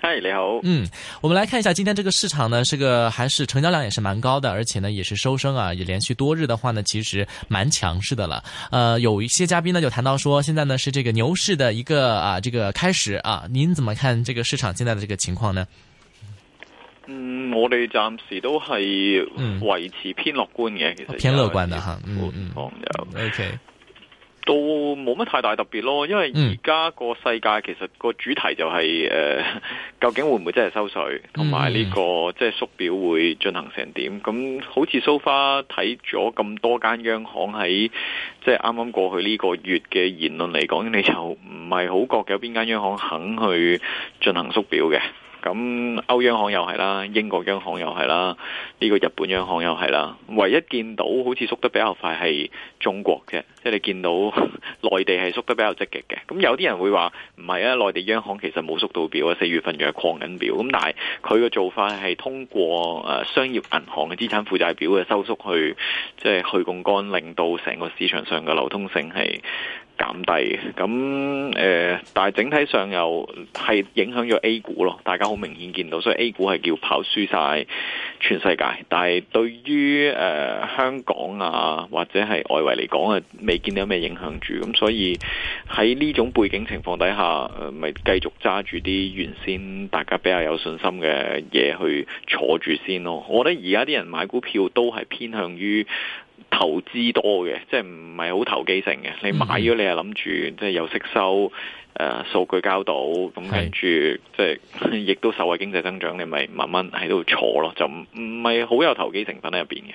嗨，Hi, 你好。嗯，我們來看一下今天這個市場呢，是個還是成交量也是蠻高的，而且呢也是收升啊，也連續多日的話呢，其實蠻強勢的了。呃，有一些嘉賓呢就談到說，現在呢是這個牛市的一個啊，這個開始啊，您怎麼看這個市場現在的這個情況呢？嗯，我哋暫時都係維持偏樂觀嘅，其實，嗯哦、偏樂觀的哈。嗯嗯，好、嗯，有、嗯嗯、OK。都冇乜太大特別咯，因為而家個世界其實個主題就係呃，究竟會唔會真係收稅，同埋呢個即係縮表會進行成點？咁好似 so far 睇咗咁多間央行喺即係啱啱過去呢個月嘅言論嚟講，你就唔係好覺有邊間央行肯去進行縮表嘅？咁歐央行又係啦，英國央行又係啦，呢個日本央行又係啦，唯一見到好似縮得比較快係中國嘅，即係你見到內地係縮得比較積極嘅。咁有啲人會話唔係啊，內地央行其實冇縮到表啊，四月份仲係擴緊表。咁但係佢嘅做法係通過誒商業銀行嘅資產負債表嘅收縮去，即係去槓桿，令到成個市場上嘅流通性係減低咁誒、呃，但係整體上又係影響咗 A 股咯，大家好明顯見到，所以 A 股係叫跑輸晒全世界。但係對於誒、呃、香港啊，或者係外圍嚟講啊，未見到有咩影響住，咁所以喺呢種背景情況底下，咪、呃、繼續揸住啲原先大家比較有信心嘅嘢去坐住先咯。我覺得而家啲人買股票都係偏向於。投資多嘅，即係唔係好投機性嘅。你買咗，你又諗住即係有息收，誒、呃、數據交到，咁跟住即係亦都受惠經濟增長。你咪慢慢喺度坐咯，就唔唔係好有投機成分喺入邊嘅。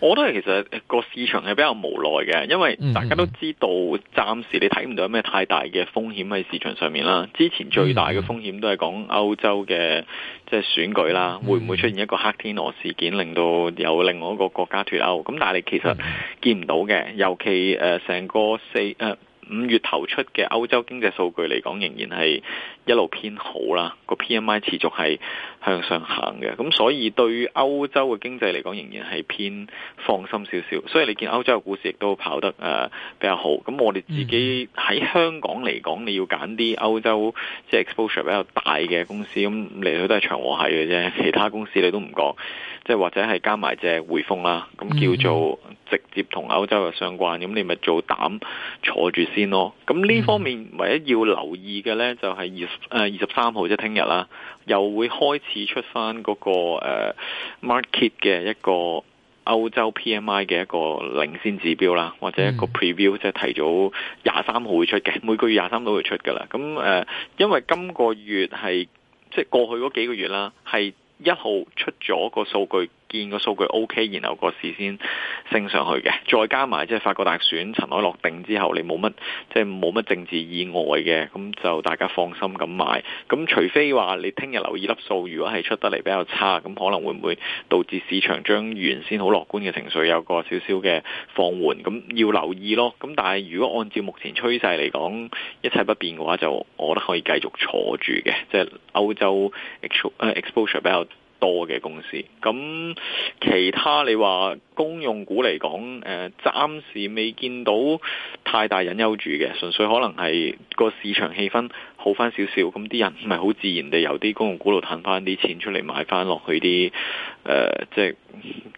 我都係，其實個市場係比較無奈嘅，因為大家都知道，暫時你睇唔到有咩太大嘅風險喺市場上面啦。之前最大嘅風險都係講歐洲嘅即係選舉啦，會唔會出現一個黑天鵝事件，令到有另外一個國家脫歐？咁但係你其實見唔到嘅，尤其誒成個四誒五、呃、月頭出嘅歐洲經濟數據嚟講，仍然係。一路偏好啦，個 PMI 持續係向上行嘅，咁所以對於歐洲嘅經濟嚟講仍然係偏放心少少，所以你見歐洲嘅股市亦都跑得誒、呃、比較好。咁我哋自己喺香港嚟講你要揀啲歐洲即係、就是、exposure 比較大嘅公司，咁嚟嚟去去都係長和係嘅啫。其他公司你都唔講，即係或者係加埋隻匯豐啦，咁叫做直接同歐洲嘅相關，咁你咪做膽坐住先咯。咁呢方面唯一要留意嘅咧，就係、是。誒，二十三號即係聽日啦，又會開始出翻，那、嗰個誒、uh, market 嘅一個歐洲 PMI 嘅一個領先指標啦，或者一個 preview，即係提早廿三號會出嘅，每個月廿三都會出噶啦。咁誒，uh, 因為今個月係即係過去嗰幾個月啦，係一號出咗個數據。見個數據 OK，然後個市先升上去嘅，再加埋即係法國大選塵埃落定之後，你冇乜即係冇乜政治意外嘅，咁就大家放心咁買。咁除非話你聽日留意粒數，如果係出得嚟比較差，咁可能會唔會導致市場將原先好樂觀嘅情緒有個少少嘅放緩？咁要留意咯。咁但係如果按照目前趨勢嚟講，一切不變嘅話，就我覺得可以繼續坐住嘅，即係歐洲 exposure 比較多嘅公司，咁其他你話公用股嚟講，誒、呃、暫時未見到太大隱憂住嘅，純粹可能係個市場氣氛好翻少少，咁啲人唔係好自然地由啲公用股度褪翻啲錢出嚟買翻落去啲誒、呃，即係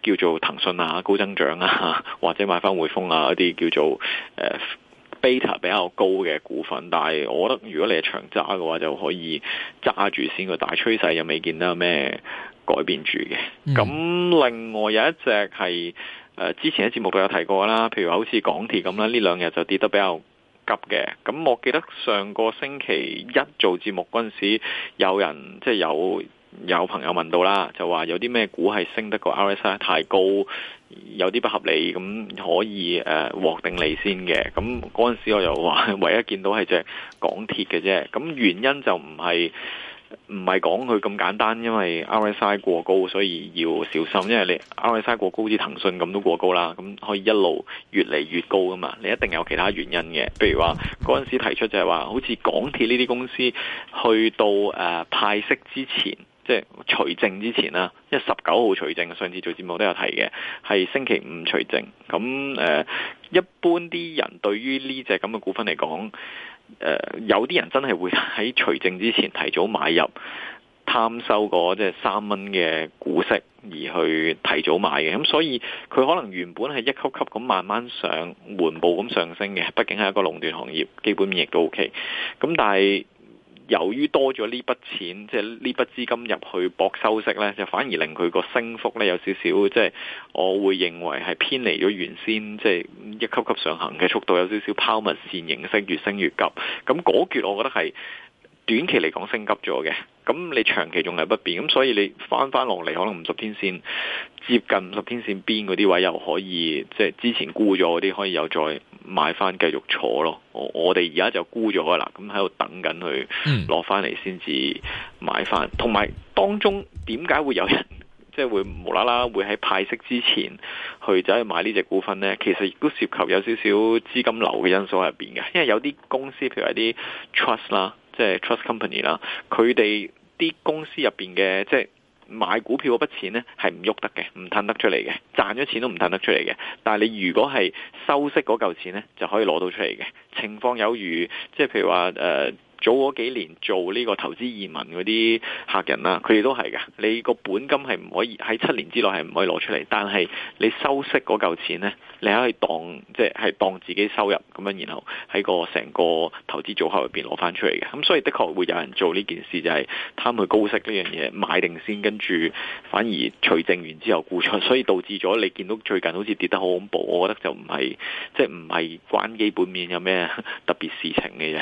叫做騰訊啊、高增長啊，或者買翻匯豐啊嗰啲叫做誒。呃 Beta 比較高嘅股份，但係我覺得如果你係長揸嘅話，就可以揸住先，個大趨勢又未見到有咩改變住嘅。咁、mm. 另外有一隻係誒、呃、之前喺節目都有提過啦，譬如好似港鐵咁啦，呢兩日就跌得比較急嘅。咁我記得上個星期一做節目嗰陣時，有人即係、就是、有。有朋友問到啦，就話有啲咩股係升得個 RSI 太高，有啲不合理，咁可以誒、呃、獲定利先嘅。咁嗰陣時我又話，唯一見到係隻港鐵嘅啫。咁原因就唔係唔係講佢咁簡單，因為 RSI 過高，所以要小心。因為你 RSI 過高好似騰訊咁都過高啦，咁可以一路越嚟越高噶嘛。你一定有其他原因嘅，譬如話嗰陣時提出就係話，好似港鐵呢啲公司去到誒、呃、派息之前。即係除證之前啦，因為十九號除證，上次做節目都有提嘅，係星期五除證。咁誒、呃，一般啲人對於呢隻咁嘅股份嚟講，誒、呃、有啲人真係會喺除證之前提早買入，貪收嗰即係三蚊嘅股息而去提早買嘅。咁所以佢可能原本係一級級咁慢慢上，緩步咁上升嘅。畢竟係一個壟斷行業，基本面亦都 OK。咁但係。由於多咗呢筆錢，即係呢筆資金入去搏收息呢，就反而令佢個升幅呢有少少，即係我會認為係偏離咗原先即係一級級上行嘅速度，有少少拋物線形式，越升越急。咁嗰橛，我覺得係短期嚟講升急咗嘅。咁你長期仲係不變，咁所以你翻翻落嚟，可能五十天線接近五十天線邊嗰啲位，又可以即係之前沽咗嗰啲，可以有再。買翻繼續坐咯，我我哋而家就沽咗啦，咁喺度等緊佢攞翻嚟先至買翻。同埋當中點解會有人即係會無啦啦會喺派息之前去走去買呢隻股份呢？其實亦都涉及有少少資金流嘅因素喺入邊嘅，因為有啲公司譬如一啲 trust 啦，即係 trust company 啦，佢哋啲公司入邊嘅即係。買股票嗰筆錢咧係唔喐得嘅，唔騰得出嚟嘅，賺咗錢都唔騰得出嚟嘅。但係你如果係收息嗰嚿錢咧，就可以攞到出嚟嘅。情況有如即係譬如話誒。呃早嗰幾年做呢個投資移民嗰啲客人啦，佢哋都係嘅。你個本金係唔可以喺七年之內係唔可以攞出嚟，但係你收息嗰嚿錢呢，你可以當即係當自己收入咁樣，然後喺個成個投資組合入邊攞翻出嚟嘅。咁所以的確會有人做呢件事，就係、是、貪佢高息呢樣嘢買定先，跟住反而除淨完之後沽出，所以導致咗你見到最近好似跌得好恐怖。我覺得就唔係即係唔係關基本面有咩特別事情嘅啫。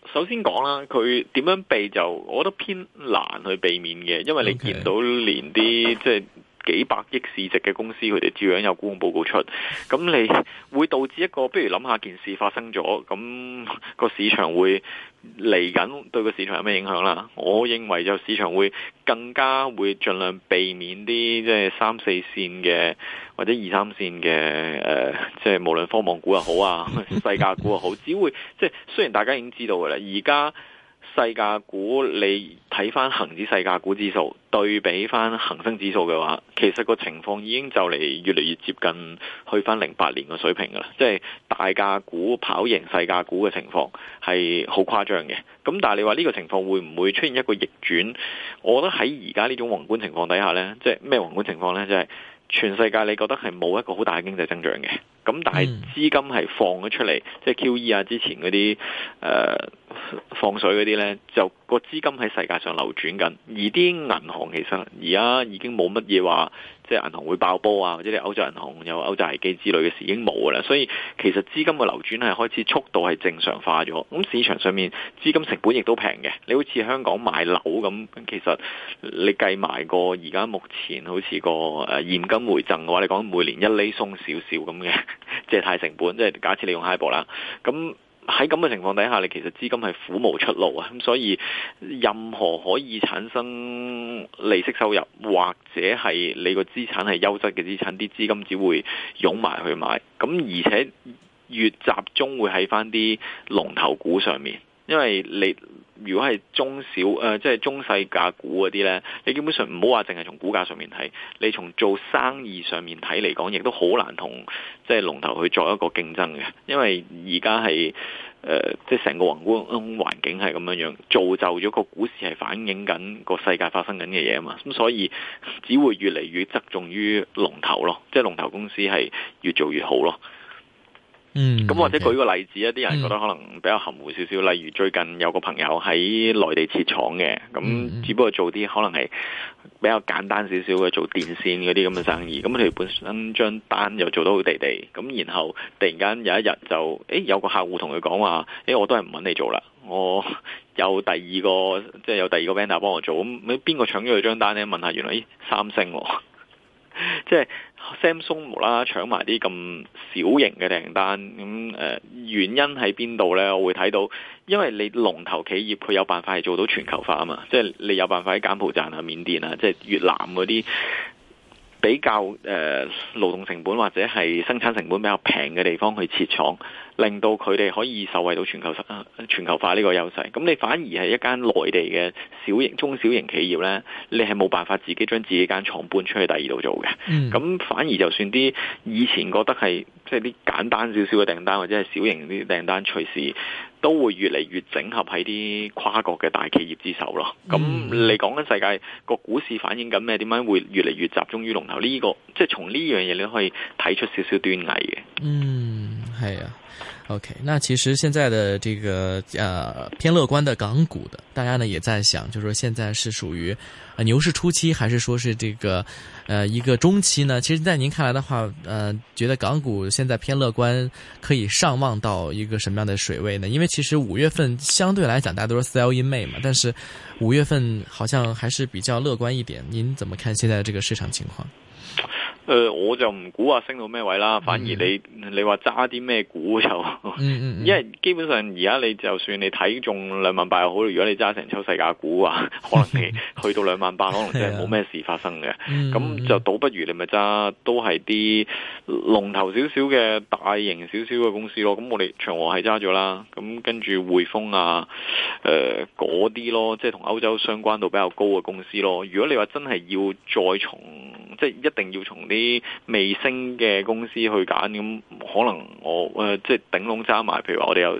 首先講啦，佢點樣避就，我覺得偏難去避免嘅，因為你見到連啲 Okay. 即係。幾百億市值嘅公司，佢哋照樣有公佈報告出，咁你會導致一個，不如諗下件事發生咗，咁、咁個市場會嚟緊對個市場有咩影響啦？我認為就市場會更加會盡量避免啲即係三四線嘅或者二三線嘅誒、呃，即係無論科網股又好啊，細價股又好，只會即係雖然大家已經知道㗎啦，而家。細價股，你睇翻恒指細價股指數對比翻恒生指數嘅話，其實個情況已經就嚟越嚟越接近去翻零八年嘅水平噶啦，即係大價股跑贏細價股嘅情況係好誇張嘅。咁但係你話呢個情況會唔會出現一個逆轉，我覺得喺而家呢種宏觀情況底下咧，即係咩宏觀情況咧，就係全世界你覺得係冇一個好大嘅經濟增長嘅。咁但係資金係放咗出嚟，即係 QE 啊，之前嗰啲誒放水嗰啲咧，就個資金喺世界上流轉緊。而啲銀行其實而家已經冇乜嘢話。即係銀行會爆煲啊，或者你歐洲銀行有歐債危機之類嘅事已經冇㗎啦，所以其實資金嘅流轉係開始速度係正常化咗。咁市場上面資金成本亦都平嘅。你好似香港買樓咁，其實你計埋個而家目前好似個誒現金回贈嘅話，你講每年一厘鬆少少咁嘅借貸成本，即係假設你用 HIBOR 啦咁。喺咁嘅情況底下，你其實資金係苦無出路啊！咁所以任何可以產生利息收入，或者係你個資產係優質嘅資產，啲資金只會湧埋去買。咁而且越集中會喺翻啲龍頭股上面，因為你。如果係中小誒、呃，即係中細價股嗰啲呢，你基本上唔好話淨係從股價上面睇，你從做生意上面睇嚟講，亦都好難同即係龍頭去作一個競爭嘅，因為而家係即係成個環境係咁樣樣，造就咗個股市係反映緊個世界發生緊嘅嘢啊嘛，咁所以只會越嚟越側重於龍頭咯，即係龍頭公司係越做越好咯。嗯，咁或者舉個例子一啲、嗯、人覺得可能比較含糊少少，嗯、例如最近有個朋友喺內地設廠嘅，咁、嗯、只不過做啲可能係比較簡單少少嘅做電線嗰啲咁嘅生意，咁佢、嗯、本身張單又做得好地地，咁然後突然間有一日就，誒、哎、有個客戶同佢講話，誒、哎、我都係唔揾你做啦，我有第二個即係、就是、有第二個 vendor 幫我做，咁邊個搶咗佢張單咧？問下原來，咦、哎、三星，即係。Samsung 無啦啦搶埋啲咁小型嘅訂單，咁、嗯、誒、呃、原因喺邊度呢？我會睇到，因為你龍頭企業佢有辦法係做到全球化啊嘛，即係你有辦法喺柬埔寨啊、緬甸啊、即係越南嗰啲，比較誒、呃、勞動成本或者係生產成本比較平嘅地方去設廠，令到佢哋可以受惠到全球實全球化呢個優勢。咁你反而係一間內地嘅小型中小型企業呢，你係冇辦法自己將自己間廠搬出去第二度做嘅。咁、嗯、反而就算啲以前覺得係即係啲簡單少少嘅訂單，或者係小型啲訂單，隨時，都會越嚟越整合喺啲跨國嘅大企業之手咯。咁你講緊世界個股市反映緊咩？點解會越嚟越集中於龍頭呢個？即係從呢樣嘢你可以睇出少少端倪嘅。嗯。哎呀，hey，OK，那其實現在的這個，呃，偏樂觀的港股的，大家呢也在想，就是說現在是屬於，啊，呃，牛市初期，還是說是這個，呃，一個中期呢？其實，在您看來的話，呃，覺得港股現在偏樂觀，可以上望到一個什麼樣的水位呢？因為其實五月份相對來講，大家都是 sell in May 嘛，但是五月份好像還是比較樂觀一點，您怎麼看現在這個市場情況？誒、呃，我就唔估啊，升到咩位啦？反而你、mm hmm. 你話揸啲咩股就，mm hmm. 因為基本上而家你就算你睇中兩萬八又好，如果你揸成抽世界股啊， 可能你去到兩萬八，可能真係冇咩事發生嘅。咁、mm hmm. 就倒不如你咪揸都係啲龍頭少少嘅大型少少嘅公司咯。咁我哋長和係揸咗啦，咁跟住匯豐啊，誒嗰啲咯，即係同歐洲相關度比較高嘅公司咯。如果你話真係要再從即係一定要從啲未升嘅公司去揀，咁可能我誒，即係頂籠揸埋。譬如話我哋有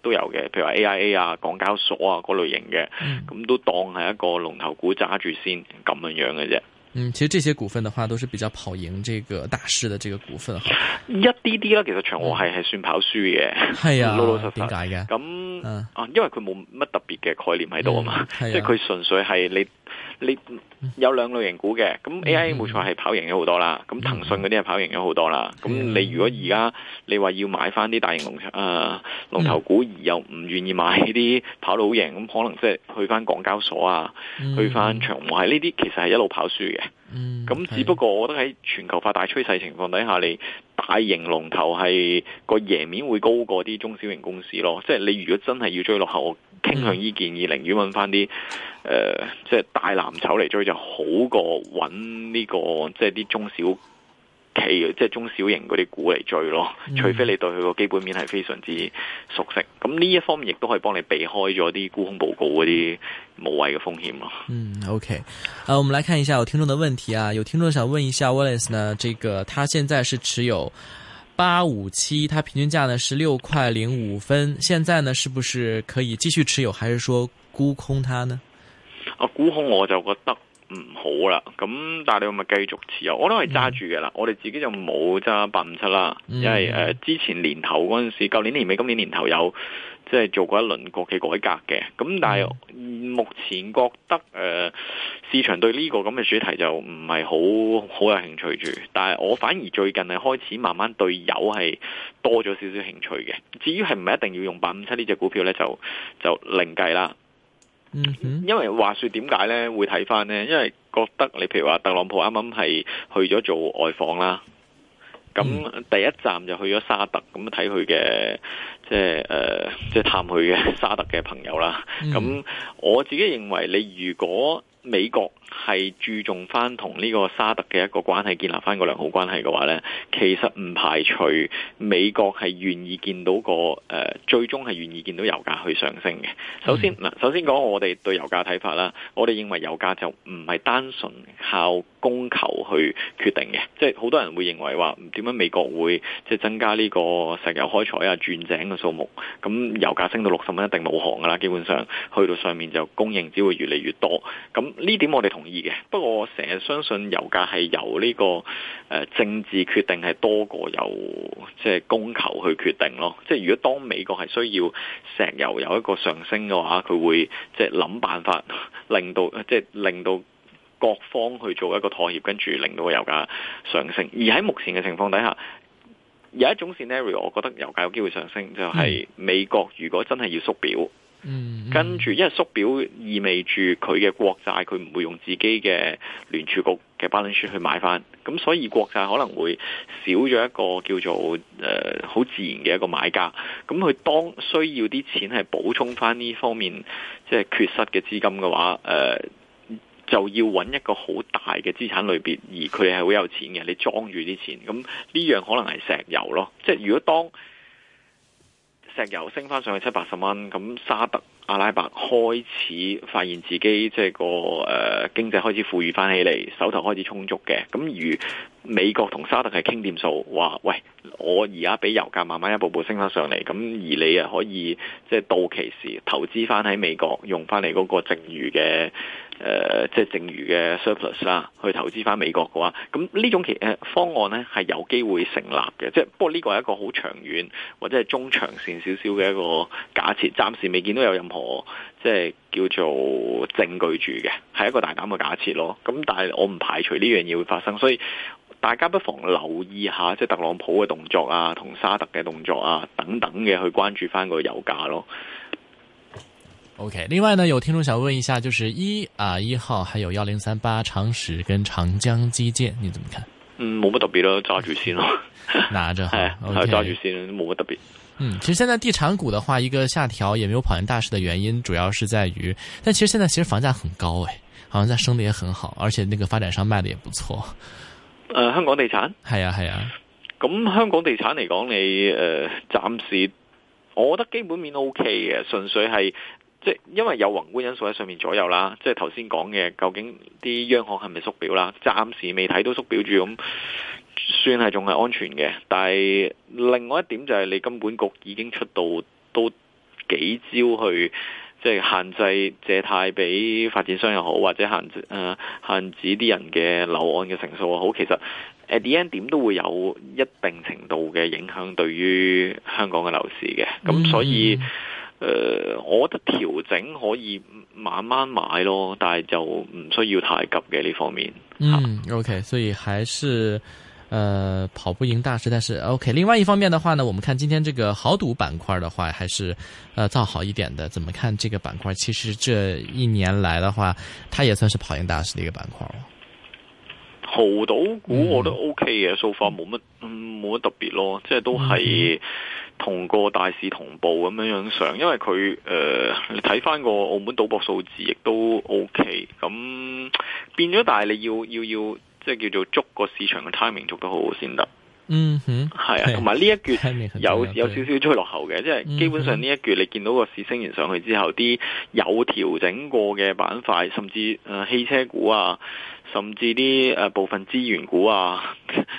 都有嘅，譬如話 AIA 啊、港交所啊嗰類型嘅，咁都當係一個龍頭股揸住先咁樣樣嘅啫。嗯，其實這些股份的話，都是比較跑贏這個大市的這個股份。一啲啲啦，其實長和係係算跑輸嘅，係啊，老老實實點解嘅？咁啊，因為佢冇乜特別嘅概念喺度啊嘛，即係佢純粹係你。你有兩類型股嘅，咁 AIA 冇錯係跑贏咗好多啦，咁騰訊嗰啲係跑贏咗好多啦。咁你如果而家你話要買翻啲大型龍啊、呃、龍頭股，而又唔願意買啲跑到好贏，咁可能即係去翻港交所啊，嗯、去翻長和喺呢啲其實係一路跑輸嘅。咁、嗯、只不過我覺得喺全球化大趨勢情況底下，你大型龍頭係、嗰個贏面會高過啲中小型公司咯。即係你如果真係要追落後，我傾向於建議，寧願揾翻啲。誒、呃，即係大藍籌嚟追就好過揾呢、這個即係啲中小企，即係中小型嗰啲股嚟追咯。嗯、除非你對佢個基本面係非常之熟悉，咁呢一方面亦都可以幫你避開咗啲沽空報告嗰啲無謂嘅風險咯。嗯，OK，誒、uh，我們來看一下有聽眾的問題啊，有聽眾想問一下 Wallace 呢，這個他現在是持有八五七，他平均價呢是六塊零五分，現在呢是不是可以繼續持有，還是說沽空他呢？我估好我就覺得唔好啦，咁但係你咪繼續持有，我都係揸住嘅啦。嗯、我哋自己就冇揸八五七啦，嗯、因為誒、呃、之前年頭嗰陣時，舊年年尾、今年年頭有，即係做過一輪國企改革嘅，咁但係目前覺得誒、呃、市場對呢個咁嘅主題就唔係好好有興趣住，但係我反而最近係開始慢慢對油係多咗少少興趣嘅。至於係唔係一定要用八五七呢隻股票咧，就就另計啦。Mm hmm. 因為話說點解呢？會睇翻呢，因為覺得你譬如話特朗普啱啱係去咗做外訪啦，咁、mm hmm. 第一站就去咗沙特，咁睇佢嘅即係誒，即、呃、係探佢嘅沙特嘅朋友啦。咁、mm hmm. 我自己認為你如果。美國係注重翻同呢個沙特嘅一個關係，建立翻個良好關係嘅話呢，其實唔排除美國係願意見到個誒、呃、最終係願意見到油價去上升嘅。首先嗱，首先講我哋對油價睇法啦，我哋認為油價就唔係單純靠供求去決定嘅，即係好多人會認為話點解美國會即係增加呢個石油開採啊、鑽井嘅數目，咁油價升到六十蚊一定冇行噶啦，基本上去到上面就供應只會越嚟越多，咁。呢點我哋同意嘅，不過我成日相信油價係由呢個誒政治決定係多過由即係供求去決定咯。即係如果當美國係需要石油有一個上升嘅話，佢會即係諗辦法令到即係令到各方去做一個妥協，跟住令到個油價上升。而喺目前嘅情況底下，有一種 scenario，我覺得油價有機會上升，就係美國如果真係要縮表。嗯，嗯跟住，因為縮表意味住佢嘅國債佢唔會用自己嘅聯儲局嘅 balance 去買翻，咁所以國債可能會少咗一個叫做誒好、呃、自然嘅一個買家。咁佢當需要啲錢係補充翻呢方面即係、就是、缺失嘅資金嘅話，誒、呃、就要揾一個好大嘅資產類別，而佢係好有錢嘅，你裝住啲錢，咁呢樣可能係石油咯。即係如果當。石油升翻上去七八十蚊，咁沙特阿拉伯開始發現自己即係、就是、個誒、呃、經濟開始富裕翻起嚟，手頭開始充足嘅，咁如。美國同沙特係傾掂數，話喂，我而家俾油價慢慢一步步升翻上嚟，咁而你啊可以即係、就是、到期時投資翻喺美國，用翻你嗰個剩餘嘅誒，即、呃、係、就是、剩餘嘅 surplus 啦，去投資翻美國嘅話，咁呢種其誒方案呢係有機會成立嘅，即、就、係、是、不過呢個係一個好長遠或者係中長線少少嘅一個假設，暫時未見到有任何即係。就是叫做證據住嘅，係一個大膽嘅假設咯。咁但係我唔排除呢樣嘢會發生，所以大家不妨留意下，即係特朗普嘅動作啊，同沙特嘅動作啊等等嘅去關注翻個油價咯。OK，另外呢，有聽眾想問一下，就是一啊一號，還有幺零三八長實跟長江基建，你怎麼看？嗯，冇乜特別咯，揸住先咯， 拿着係好，係揸住先，冇乜特別。嗯，其實現在地產股嘅話，一個下調也沒有跑贏大市的原因，主要是在於，但其實現在其實房價很高誒，好像在升得也很好，而且那個發展商賣得也不錯。誒、呃，香港地產係啊係啊，咁香港地產嚟講，你誒暫、呃、時，我覺得基本面 OK 嘅，純粹係。即因為有宏觀因素喺上面左右啦，即係頭先講嘅，究竟啲央行係咪縮表啦？暫時未睇到縮表住，咁算係仲係安全嘅。但係另外一點就係，你金管局已經出到都幾招去，即係限制借貸俾發展商又好，或者限呃限制啲人嘅樓按嘅成數又好，其實 at the end 點都會有一定程度嘅影響對於香港嘅樓市嘅。咁所以。嗯誒、呃，我覺得調整可以慢慢買咯，但係就唔需要太急嘅呢方面。嗯，OK，所以還是誒、呃、跑不贏大市，但是 OK。另外一方面的話呢，我們看今天這個豪賭板塊的話，還是誒、呃、造好一點的。怎麼看這個板塊？其實這一年來的話，它也算是跑贏大市的一個板塊咯。豪賭股我都 OK 嘅，So far 冇乜冇乜特別咯，即係都係。嗯同個大市同步咁樣樣上，因為佢誒、呃、你睇翻個澳門賭博數字亦都 OK，咁變咗，但係你要要要即係叫做捉個市場嘅 timing 捉得好好先得。嗯哼，係啊，同埋呢一月有有少少追落後嘅，即係基本上呢一月你見到個市升完上去之後，啲有調整過嘅板塊，甚至誒、呃、汽車股啊。甚至啲誒、呃、部分資源股啊，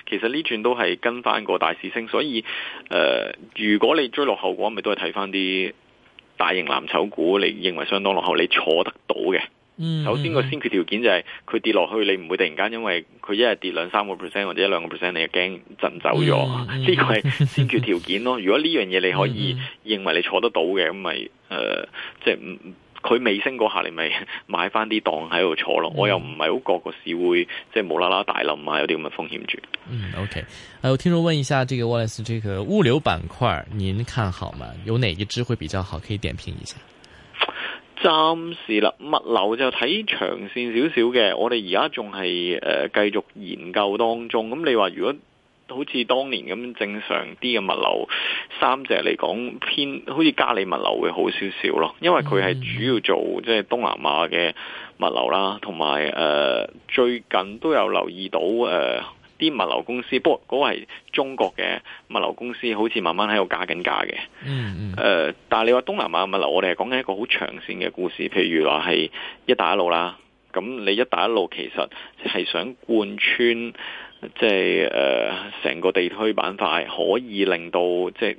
其實呢轉都係跟翻個大市升，所以誒、呃，如果你追落後嗰，咪都係睇翻啲大型藍籌股，你認為相當落後，你坐得到嘅。嗯、mm，hmm. 首先個先決條件就係、是、佢跌落去，你唔會突然間因為佢一日跌兩三個 percent 或者一兩個 percent，你就驚震走咗。呢個係先決條件咯。如果呢樣嘢你可以認為你坐得到嘅，咁咪誒，即係唔。佢未升嗰下，你咪買翻啲檔喺度坐咯。我又唔係好覺個市會即係無啦啦大冧啊，有啲咁嘅風險住。嗯，OK、呃。我聽眾問一下，這個 Wallace，這個物流板塊，您看好嗎？有哪一支會比較好？可以點評一下。暫時啦，物流就睇長線少少嘅。我哋而家仲係誒繼續研究當中。咁你話如果？好似當年咁正常啲嘅物流三隻嚟講，偏好似嘉里物流會好少少咯，因為佢係主要做即係、就是、東南亞嘅物流啦，同埋誒最近都有留意到誒啲、呃、物流公司，不過嗰個係中國嘅物流公司，好似慢慢喺度加緊價嘅。嗯嗯、呃。但係你話東南亞物流，我哋係講緊一個好長線嘅故事，譬如話係一帶一路啦。咁你一帶一路其實係想貫穿。即係誒，成、呃、個地區板塊可以令到即。係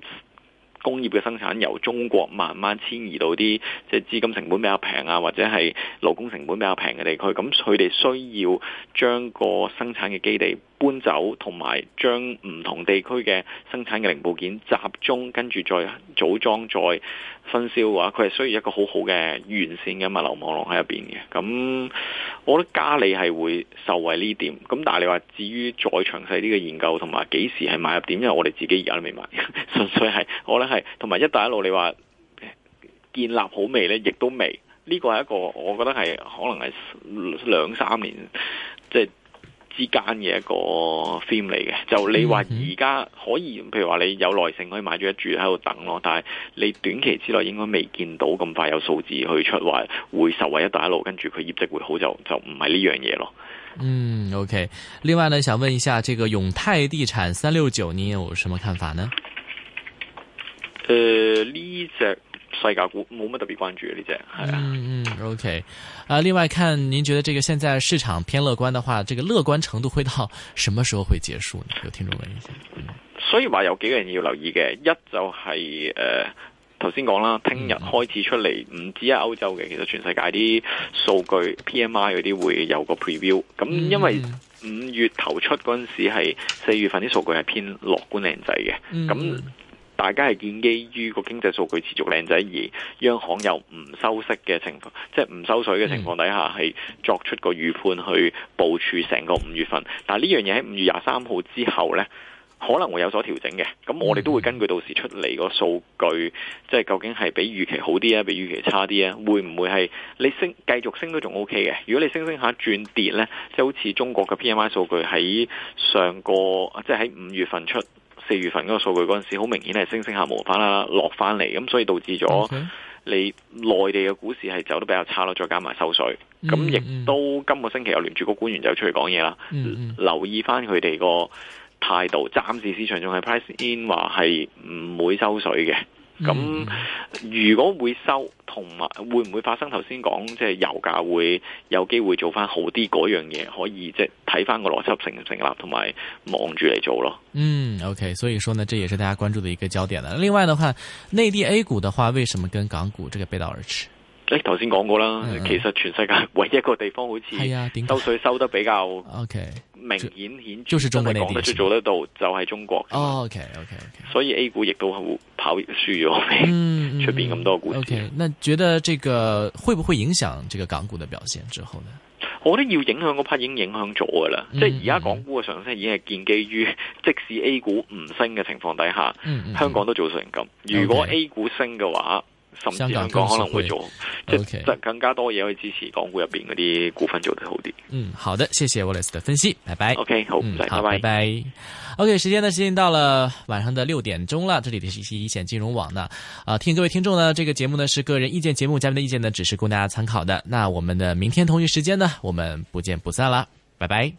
工業嘅生產由中國慢慢遷移到啲即係資金成本比較平啊，或者係勞工成本比較平嘅地區，咁佢哋需要將個生產嘅基地搬走，同埋將唔同地區嘅生產嘅零部件集中，跟住再組裝再分銷嘅話，佢係需要一個好好嘅完善嘅物流網絡喺入邊嘅。咁我覺得加利係會受惠呢點。咁但係你話至於再詳細啲嘅研究同埋幾時係買入點，因為我哋自己而家都未買，純粹係我覺得。係，同埋一帶一路，你話建立好未呢？亦都未。呢個係一個，我覺得係可能係兩三年即係之間嘅一個 theme 嚟嘅。就你話而家可以，譬如話你有耐性可以買咗一注喺度等咯。但係你短期之內應該未見到咁快有數字去出，話會受惠一帶一路，跟住佢業績會好就就唔係呢樣嘢咯。嗯，OK。另外呢，想問一下，這個永泰地產三六九，你有什麼看法呢？誒，呢隻、呃這個、世界股冇乜特別關注呢隻，係、這、啊、個嗯。嗯 OK 啊，另外看，看您覺得這個現在市場偏樂觀的話，這個樂觀程度會到什麼時候會結束呢？有聽眾問一下。嗯、所以話有幾個人要留意嘅，一就係、是、誒，頭先講啦，聽日開始出嚟唔止係歐洲嘅，其實全世界啲數據 PMI 嗰啲會有個 preview、嗯。咁因為五月頭出嗰陣時係四月份啲數據係偏樂觀靚仔嘅，咁、嗯。嗯大家係建基於個經濟數據持續靚仔而央行又唔收息嘅情況，即係唔收水嘅情況底下，係作出個預判去部署成個五月份。但係呢樣嘢喺五月廿三號之後呢，可能會有所調整嘅。咁我哋都會根據到時出嚟個數據，即係究竟係比預期好啲啊，比預期差啲啊，會唔會係你升繼續升都仲 OK 嘅？如果你升升下轉跌呢，即係好似中國嘅 PMI 數據喺上個即係喺五月份出。四月份嗰個數據嗰陣時，好明顯係升升下冇返啦，落翻嚟，咁所以導致咗你內地嘅股市係走得比較差咯，再加埋收水，咁亦都今個星期有聯儲局官員走出嚟講嘢啦，留意翻佢哋個態度，暫時市場仲係 price in 話係唔會收水嘅。咁、嗯嗯、如果會收，同埋會唔會發生頭先講，即係、就是、油價會有機會做翻好啲嗰樣嘢，可以即係睇翻個邏輯成唔成立，同埋望住嚟做咯。嗯，OK，所以說呢，這也是大家關注的一個焦點啦。另外的話，內地 A 股的話，為什麼跟港股這個背道而馳？誒，頭先講過啦，uh huh. 其實全世界唯一一個地方好似收水收得比較明顯顯著，uh huh. okay. 就是中國你邊講得出、做得到，就係中國。OK OK 所以 A 股亦都跑輸咗，出邊咁多股市 OK，那覺得呢個會不會影響這個港股嘅表現之後呢？我覺得要影響嗰批已經影響咗噶啦，mm hmm. 即係而家港股嘅上升已經係建基於即使 A 股唔升嘅情況底下，mm hmm. 香港都做成咁。Okay. 如果 A 股升嘅話，香港可能會做，即係更加多嘢去支持港股入邊嗰啲股份做得好啲。嗯，好的，謝謝 Wallace 的分析，拜拜。OK，好，嗯、好拜拜，拜拜。OK，時間呢已經到了晚上的六點鐘啦，這裡信息，一線金融網呢，啊、呃，聽各位聽眾呢，這個節目呢是個人意見節目，嘉賓的意見呢只是供大家參考的。那我們的明天同一時間呢，我們不見不散啦，拜拜。